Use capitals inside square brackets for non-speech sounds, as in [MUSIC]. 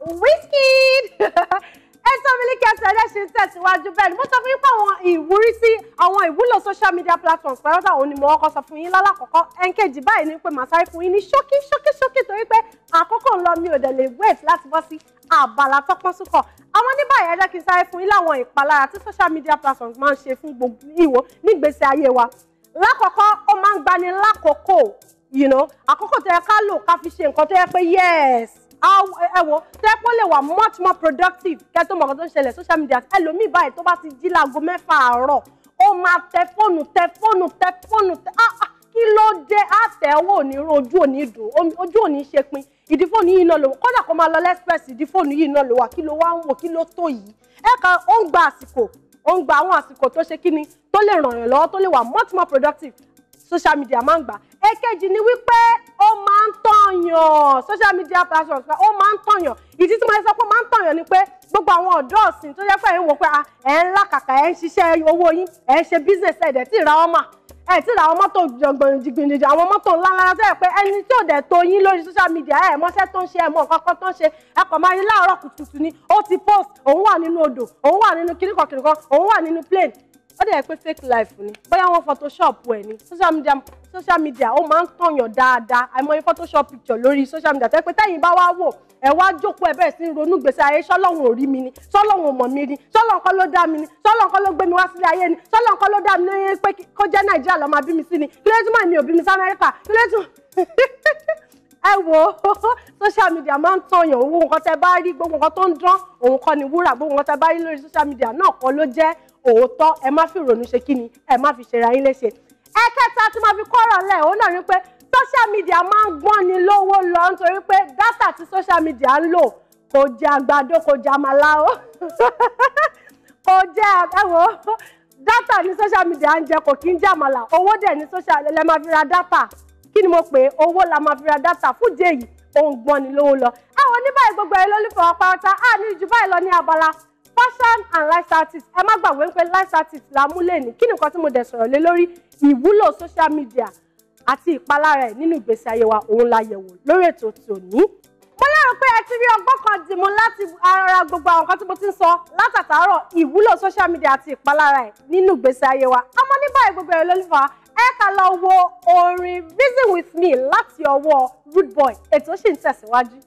Wizkid [LAUGHS] ẹ sọ Miliki Express ṣe ń tẹ̀síwájú bẹ́ẹ̀ ni mo sọ fún yín pé àwọn ìwúrí sí àwọn ìwúlò social media platforms pẹ̀lọ́dà òun ni mo kọ́kọ́ sọ fún yín lálàkọ́kọ́ ẹnkéjì báyìí ni pé màá sáré fún yín ní ṣókí ṣókí ṣókí torí pé àkókò ń lọ mi ò dẹ̀ lè wait láti bọ́ sí àbàlá tọ́pọ́n súnkọ̀ àwọn ní báyìí ẹ jẹ́ kí n sáré fún yín láwọn ìpalára tí social media platforms máa ń ṣe fún gbogbo ìwò nígbèsè ayé wa lákọ̀ọ́kọ́ ó máa ń gbani lákòókò you know àkókò tó yẹ ká lò ká fi ṣe nǹkan tó yẹ pé yes ẹ wo tẹ́pọ̀ lè wà much more productive kẹ́ tó mọ̀ nǹkan tó ń ṣẹlẹ̀ social media ẹlòmíì báyìí tó bá ti jí láago mẹ́fà àárọ̀ ó máa tẹ fóònù tẹ fóònù tẹ fóònù tẹ ah, ah, kí ló dé àtẹ̀wò ní ojú òní dùn ojú òní ṣe pin ìdí fóònù yìí náà ló wà kódà kó máa lọ lẹ́sprẹ́sì ìdí fóònù yìí náà ló wà kí ló wá ń wò kí ló tó yìí ẹ kan ó ń gba àsìkò ó ń gba àwọn àsìkò tó ṣe kíni tó lè ràn yàn lọ́wọ́ tó lè wà much more productive social media máa ń gbà èkejì ni wípé máa ń tọ̀yàn social media platforms ó máa ń tọ̀yàn ìdí tí mo sọ pé ó máa ń tọ̀yàn ni pé gbogbo àwọn ọ̀dọ́ ọ̀sìn tó jẹ́ pé ẹ̀yin wò pé ẹ̀ ń làkàkà ẹ̀ ń ṣiṣẹ́ owó yín ẹ̀ ń ṣe business ẹ̀ dẹ̀ tí ì ra ọmọ ẹ̀ tí ì ra àwọn mọ́tò jìgbìndìjì àwọn mọ́tò ńláńlá tó yẹ pé ẹni tí ò dẹ̀ tó yín lórí social media ẹ̀ mọ́ṣẹ́ tó ń ṣe ẹ̀mọ́ kankan tó ń ṣe ẹ kàn máa rí láàárọ̀ kùtùkùtù ni ó ti post òun wà nínú odò òun wà nínú kíníkan òun wà nínú plane ó dẹ̀ pé fake life ni bóyá wọ́n photoshop ẹ̀ ni social media social media ó máa ń tọ̀yàn dáadáa àìmọye photoshop picture lórí social media tẹ́ pé tẹ́yìn bá wá wò ẹ̀ wá jókòó ẹ̀ bẹ̀rẹ̀ sí ń ronú gbèsè ayé sọ́lọ́hún ò rí mi ni sọ́lọ́hún ò mọ̀ mi ni sọ́lọ́hún kọ́ ló dá mi ni sọ́lọ́hún kọ́ ló gbé mi wá sílé ayé ni sọ́lọ́hún kọ́ ló dá mi lóyún pé kó jẹ́ nàìjíríà lọ́ọ́ máa bí mi sí ni kílódé tí màmí ò bí mi sí amẹ́ríkà kílódé tí [LAUGHS] ẹ wò ó social media máa ń tọyàn owó nǹkan tẹ bá rí gbogbo nǹkan tó ń dán òun kọ́ ni wúrà gbogbo nǹkan tẹ bá rí lórí social media náà kọ́ ló jẹ́ òótọ́ ẹ má fi ìrònú ṣe kí ni ẹ má fi ṣera yín léṣe. ẹ̀kẹta tí máa fi kọ́rọ̀ lẹ̀ òun náà ni pé social media máa ń gbọ́n ni lówó lọ nítorí pé dátà tí social media ń lò kò jẹ àgbàdo kò jẹ àmàlà o [LAUGHS] kò jẹ ẹ wò ó social media ń jẹ kò kí ń jẹ àmàlà owó dẹ̀ ní social lẹ́ máa fi ra dátà kí ni mo pè owó la máa fi ra dátà fún jẹ́ yìí ó ń gbọ́ni lówó lọ àwọn oníbàyí gbogbo ẹ̀ lólùfẹ́ wa pátá a ní jù báyìí lọ ní abala fashion and lifestyle tips ẹ má gbàgbé pé lifestyle tips la mú lẹ́ni kí nìkan tí mo dẹ̀ sọ̀rọ̀ lé lórí ìwúlò social media àti ìpalára ẹ̀ nínú ìgbésí ayé wa òun la yẹ̀wò lórí ètò tòní mo lérò pé ẹ ti rí ọgbọ́n kan dì mú láti ara gbogbo àwọn nǹkan tí mo ti ń sọ látàtàárọ̀ ìwúlò social media àti ìpalára ẹ̀ nínú ìgbésí ayé wa àmọ́ ní báyìí gbogbo ẹ̀rọ lólùfà ẹ ká lọ wo orin busy with me láti ọwọ́ Rude Boy ètò sì ń tẹ̀síwájú.